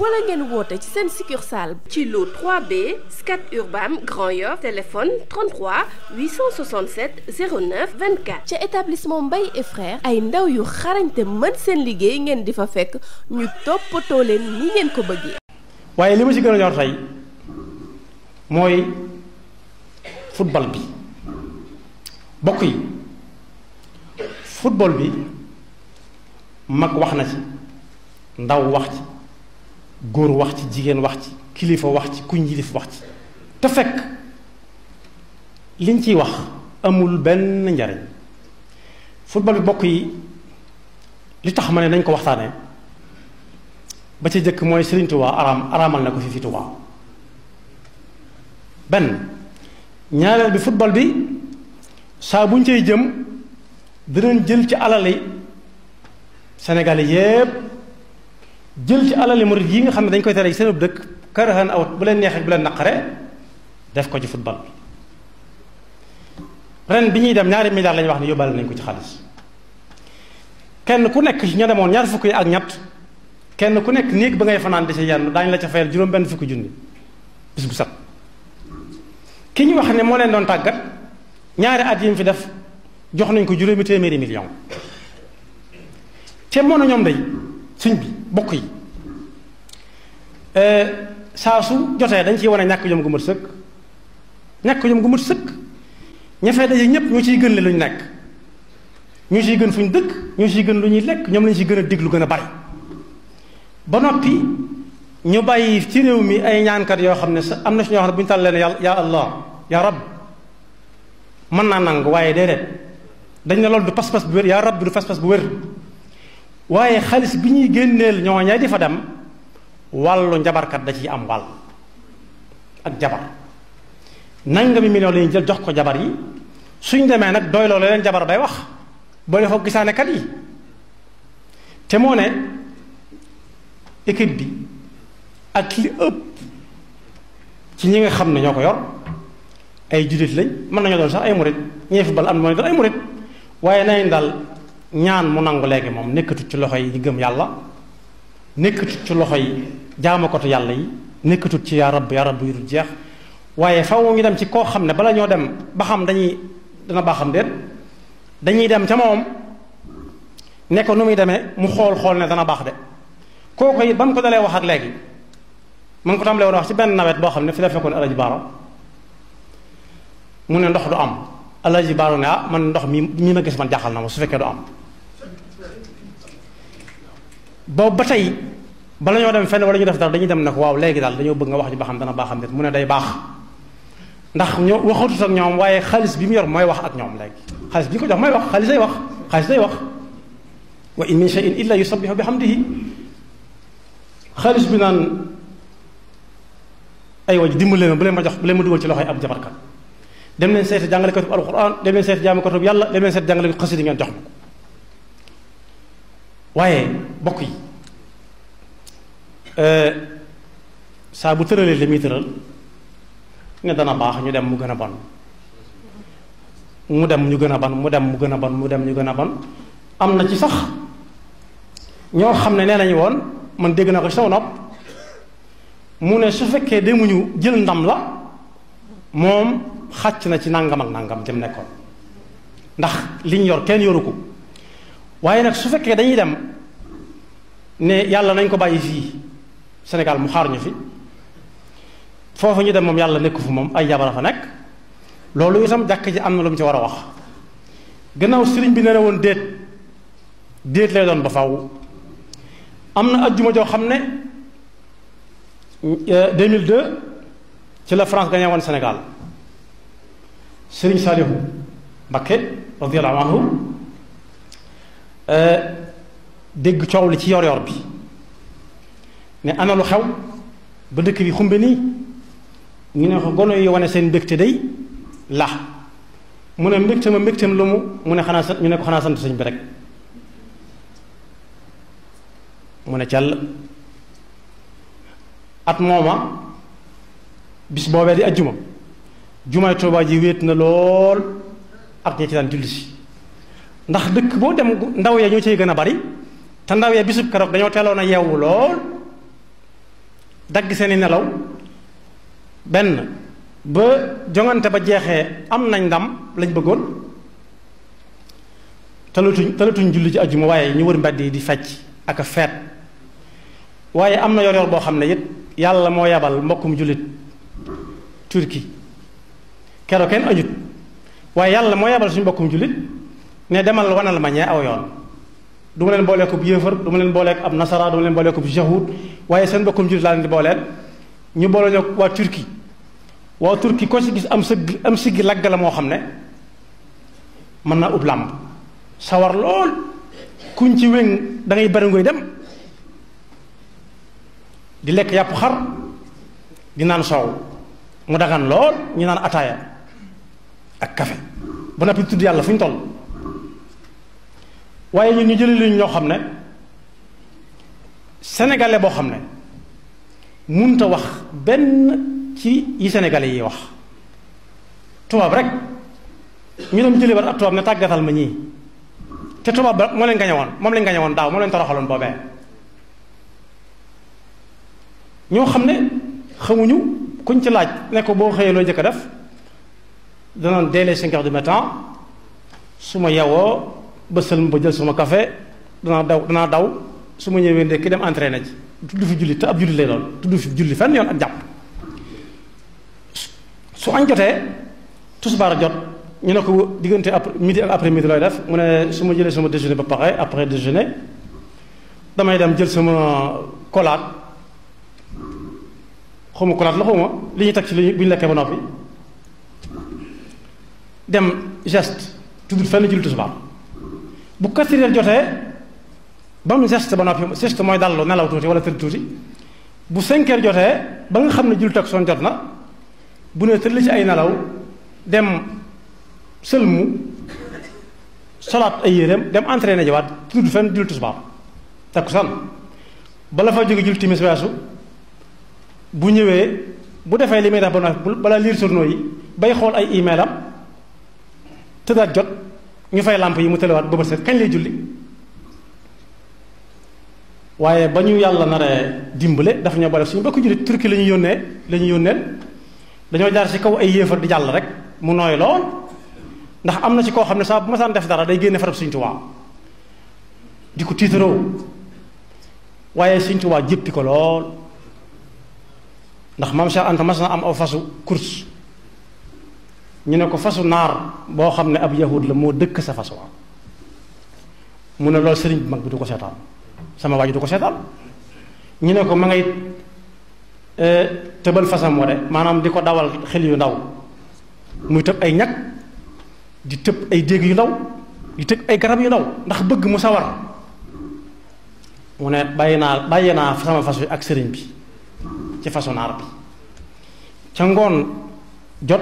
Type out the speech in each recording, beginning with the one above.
wala ngeen woote ci seen succursale ci lu 3B Scat Urbam Grand Yoff téléphone 33 867 09 24 ca établissement Mbaye et frères ay ndaw yu xarañte mën seen liggéey ngeen di fa fekk ñu toppatoo leen ni ngeen ko bëggee waaye lima ci gën a ñor tey mooy football bi bokk yi football bi mag wax na ci ndaw wax góor wax ci jigéen wax ci kilifa wax ci kuñ yilif wax ci te fekk liñ ci wax amul benn njariñ football bi bokk yi li tax ma ne dañ ko waxtaanee ba ci jëkk mooy Sëriñ Tuubaa araam araamal na ko fi fi Tuubaa benn ñaareel bi football bi saa buñ cay jëm dinañ jël ci alali Sénégal yépp jël ci alal murid yi nga xam ne dañ koy tere ci seen dëkk karahan aw bu leen neexee bu leen naqare def ko ci football bi ren bi ñuy dem ñaari milliards lañuy wax ne yóbbaale nañ ko ci xaalis kenn ku nekk ña demoon ñaar fukk ak ñett kenn ku nekk néeg ba ngay fanaan di sa yenn daañu la ca fayal juróom-benn fukki junni bis bu set ki ñu wax ne moo leen doon tàggat ñaari at yi fi def jox nañ ko juróomi téeméeri million te moo na ñoom day suñ bi bokk yi euh, saa su jotee dañ ciy wane ñàkk jom gu sëkk ñàkk jom gu mat sëkk ña fay daje ñépp ñoo ciy gën le lu ñu nekk ñoo ciy gën fu ñu dëkk ñoo ciy gën lu ñuy lekk ñoom lañ ci gën a déglu gën a bari ba noppi ñu bàyyi ci réew mi ay ñaankat yoo xam ne sa am na si ñoo xam ne bu ñu tàllee ne ya allah ya rab mën naa nangu waaye déedéet dañ ne loolu du pas-pas bu wér yaa rab du pas-pas bu wér waaye xaalis bi ñuy génneel ñoo ñay di fa dem wàllu njabarkat da ciy am wàll ak jabar nangami million la ñuy jël jox ko jabar yi suñ demee nag doy loolu leen jabar bay wax boole ko gisaanekat yi te moo ne équipe bi ak li ëpp ci ñi nga xam ne ñoo ko yor ay jullit lañ mën nañoo doon sax ay murit ñee fi bal am na moo ne doon ay murit waaye nañ daal ñaan mu nangu léegi moom nekkatut ci loxo yi ñu gëm yàlla nekkatut ci loxo yi jaamakatu yàlla yi nekkatut ci yaa rabb yaa rabb yu dul jeex waaye faw ñu dem ci koo xam ne bala ñoo dem ba xam dañuy dana baax baaxam déet dañuy dem ca moom nekk nu muy demee mu xool xool ne dana baax de kooku it ba mu ko dalee wax ak léegi mu ngi ko tàmbalee woon wax ci benn nawet boo xam ne fi la fekkoon alaji baara mu ne ndox du am alaji baaro ne ah man ndox mi mi ma gis man jaaxal na ma su fekkee du boobu ba tey bala ñoo dem fenn wala ñu def dara dañuy dem ne ko waaw léegi daal dañoo bëgg nga wax ji ba xam dana baaxam ne mu ne day baax ndax ñoo waxatut ak ñoom waaye xaalis bi mu yor mooy wax ak ñoom léegi xaalis bi ñu ko jox mooy wax xaalis day wax xaalis day wax wa in min shay'in illa yusabbihu bihamdihi xaalis bi naan ay waj bu leen ma jox bu leen ma dugal ci loxoy ab jabarkat dem leen seeti jàngalekatu alquran dem leen seeti jaamu katub yàlla dem leen seeti jàngalekatu xasidi ngeen jox ma waaye bokk yi euh, saa bu tëralee li muy tëral ne dana baax ñu dem mu gën a bon mu dem ñu gën a bon mu dem mu gën a bon mu dem ñu gën a bon am na ci sax ñoo xam ne nee nañu woon man dégg naa ko saw nopp mu ne su fekkee demuñu jël ndam la moom xàcc na ci nangam ak nangam jëm nekkoon ndax liñ yor kenn yoru ko waaye nag su fekkee dañuy dem ne yàlla nañ ko bàyyi fii Sénégal mu xaar ñu fi foofu ñu dem moom yàlla nekku fu moom ay yabara fa nekk loolu itam jàkk ji am na lu mu ci war a wax gannaaw sëriñ bi nee woon déet déet lay doon ba faw am na ajjuma joo xam ne 2002 euh, ci la France gagné woon Sénégal sëriñ Saliou Mbacké radiyallahu anhu Euh, dégg coow li ci yor-yor bi ne ana xew ba dëkk bi xumbe nii ñu ne ko gone yi wane seen mbégte day la mu ne mbégte ma mbégteem lu mu mu ne xanaa sant ñu ne ko xanaa sant sëñ bi rek mu ne càll at mooma bis boobee di ajjuma jumaay Tuubaa ji wéet na lool ak ñi ci daan julli si ndax dëkk boo dem ndaw ya ñoo cay gën a bari te ndaw ya bisub keroog dañoo teeloon a yeewu lool dagg seeni nelaw benn ba jongante ba jeexee am nañ ndam lañ bëggoon talatuñ talatuñ julli ci ajjuma waaye ñu wër mbedd yi di fecc ak a feet waaye am na yor boo xam ne it yàlla moo yabal mbokkum jullit turki kero kenn añut waaye yàlla moo yabal suñu mbokkum jullit ne demal wanal ma ñee aw yoon du leen booleeku bu yéefar du ma leen booleeku ab nasara du ma leen booleeku bu jahud waaye seen bokkum jullit laa leen di booleel ñu boole ñoo waa turki waa turki ko si gis am sëgg am siggi lagg la moo xam ne mën naa ub làmb sawar lool kuñ ci wéng da bari ngoy dem di lekk yàpp xar di naan soow mu dagan lool ñu naan ataaya ak kafe ba noppi tudd yàlla fu ñu toll waaye ñun ñu jëli liñ ñoo xam ne sénégalais boo xam ne munta wax benn ci yi sénégalais yi wax tubaab rek ñu dem jëli war ab tubaab ne tàggatal ma ñii te tubaab ba moo leen gañe woon moom lañ gañe woon daaw moom lañ toroxaloon boobee ñoo xam ne xamuñu kuñ ci laaj ne boo xëyee loo jëkk a def danoon dès les cinq heures du matin su ma yewoo ba sëlm ba jël sama kafe danaa daw danaa daw su ma ñëwee ndekki dem entraîné ji tuddu fi julli te ab julli lay doon tudd fi julli fenn yoon ak jàpp su añ jotee tusbaar jot ñu ne ko diggante après midi ak après midi looy def mu ne su ma jëlee sama déjeuner ba pare après déjeuner damay dem jël sama kolaat xawma kolaat la xawma li ñu teg ci li bu ñu lekkee ba noppi dem geste tudd fenn julli tusbaar bu quatre heures jotee ba mu geste ba noppi geste mooy dallu nelaw tuuti wala tëdd tuuti bu cinq heures jotee ba nga xam ne jul takkusaan jot na bu ne tëdd si ay nelaw dem sëlmu solaat ay yéreem dem entraîné jiwaat tudd fenn jul tisbaar takkusaan bala fa jóge jul timis weesu bu ñëwee bu defee li muy def ba noppi balaa liir journaux yi bay xool ay e-mail am tëddaat jot ñu fay làmp yi mu telewaat ba bët set kañ lay julli waaye ba ñu yàlla naree dimbale dafa ñoo boole suñu bokk jullit turki la ñu yónnee la ñu yónneel dañoo jaar si kaw ay yéefar di jàll rek mu nooy lool ndax am na si koo xam ne saa bu ma saan def dara day génne farab Sëñ Tuubaa di ko tiitaroo waaye Sëñ jéppi ko lool ndax maam Cheikh Anta mas na am aw fasu kurs ñu ne ko fasu naar boo xam ne ab yahud la moo dëkk sa fas mu ne lool sëriñ bi mag bi du ko seetaan sama waa ji du ko seetaan ñu ne ko ma ngay e, tëbal fasam wa de maanaam di ko dawal xel yu ndaw muy tëb ay ñag di tëb ay dégg yu ndaw di tëb ay garab yu ndaw ndax bëgg mu sawar mu ne bàyyi naa bàyyi naa sama fas wi ak sëriñ bi ci fasu naar bi ca ngoon jot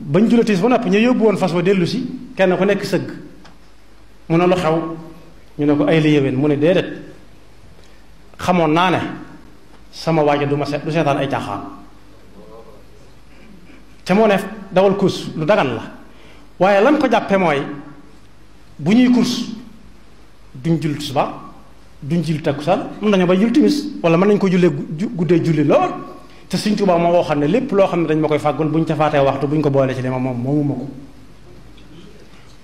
bañ jullee tiis ba noppi ñu yóbbu woon fas wa dellu si kenn ku nekk sëgg mu ne lu xew ñu ne ko ay li yéwén mu ne déedéet xamoon naa ne sama waaja du ma se du seetaan ay caaxaan te moo ne dawal course lu dagan la waaye lan ko jàppe mooy bu ñuy course duñ julli tisbaar duñ julli takkusaan mën nañu bay julli timis wala mën nañ ko jullee guddee julli lool te Sëriñ Tuubaa moo xam ne lépp loo xam ne dañ ma koy fàggul buñ ca faatee waxtu buñ ko boolee ci li ma moom moomuma ko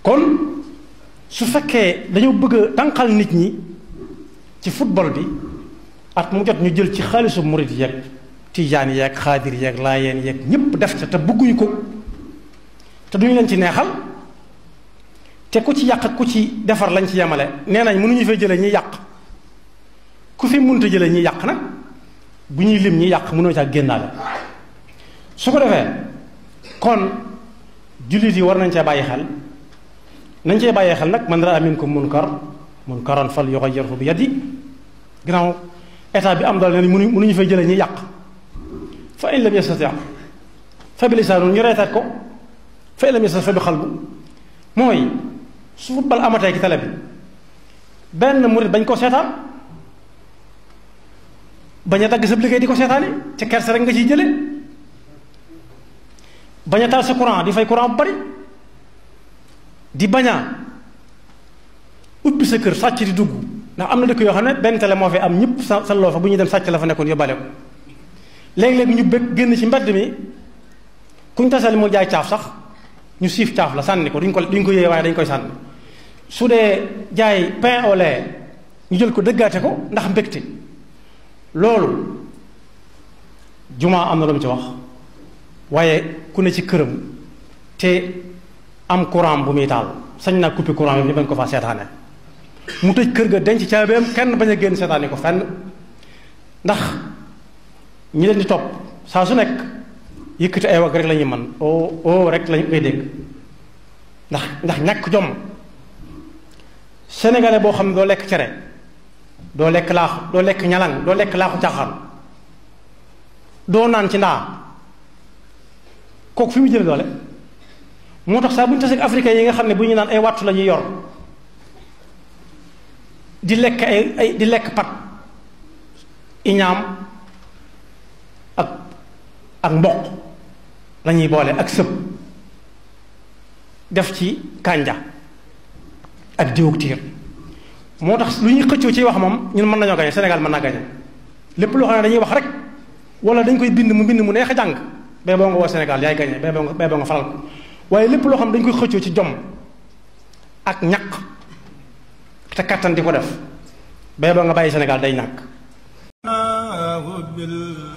kon su fekkee dañoo bëgg a tànqal nit ñi ci football bi at mu jot ñu jël ci xaalisu murit yeeg tijaan yeeg xaadir yeeg laayeen yeeg ñépp def ca te bëgguñ ko te duñu leen ci neexal te ku ci yàq ku ci defar lañ ci yamale nee nañ mënuñu fee jële ñi yàq ku fi munta jële ñi yàq nag bu ñuy lim ñi yàq mënoo caa génnaale su ko defee kon jullit yi war nañ cee bàyyi xel nañ cee bàyyi xel nag man raa minkum munkar munkaran fal yughayyirhu bi yadi gannaaw état bi am doole ne mënu mënuñu fay jëlee ñi yàq fa in lam yastati' fa bi lisaanu ñu reetaat ko fa in lam yastati' fa bi xalbu mooy su football amatee ci télé bi benn murit bañ ko seetaan bañ a dagg sa liggéey di ko seetaani ca kersa rek nga ciy jële bañ a taal sa courant di fay courant bu bari di bañ a ubbi sa kër sàcc di dugg ndax am na dëkk yoo xam ne benn tele moo fi am ñëpp sa salloo fa bu ñuy dem sàcc la fa nekkoon yóbbaale ko léegi-léegi ñu bëgg génn ci mbedd mi kuñ tasali moo jaay caaf sax ñu siif caaf la sànni ko duñ ko duñ ko yëyee waaye dañ koy sànni su dee jaay pain au lait ñu jël ko dëggaate ko ndax mbégte loolu jumaa am na lu mu ci wax waaye ku ne ci këram te am courant bu muy taal sañ naa coupé courant bi ñu bañ ko fa seetaane mu tëj kër ga denc caabeem kenn bañ a génn seetaane ko fenn ndax ñi leen di topp saa su nekk yëkkati ay wagg rek la ñuy oo oo rek lañu koy dégg ndax ndax ñàkk jomm sénégalais boo xam ne doo lekk cere doo lekk laaxu doo lekk ñalan doo lekk laaxu caaxaan doo naan ci ndaa kooku fi mu jël doole moo tax saa bu ñu taseeg africain yi nga xam ne bu ñu naan ay wattu la ñuy yor di lekk ay di lekk pat iñaam ak ak mboq lañuy ñuy boole ak sëb def ci kànja ak diwug tiir moo tax lu ñuy xëccoo ci wax moom ñun mën nañoo gañe Sénégal mën naa gañe lépp loo xam ne dañuy wax rek wala dañ koy bind mu bind mu neex a jàng bay boo nga woo Sénégal yaay gañe bay boo bay boo nga faral ko waaye lépp loo xam ne dañ koy xëccoo ci jom ak ñaq te kattan di ko def bay boo nga bàyyi Sénégal day ñàkk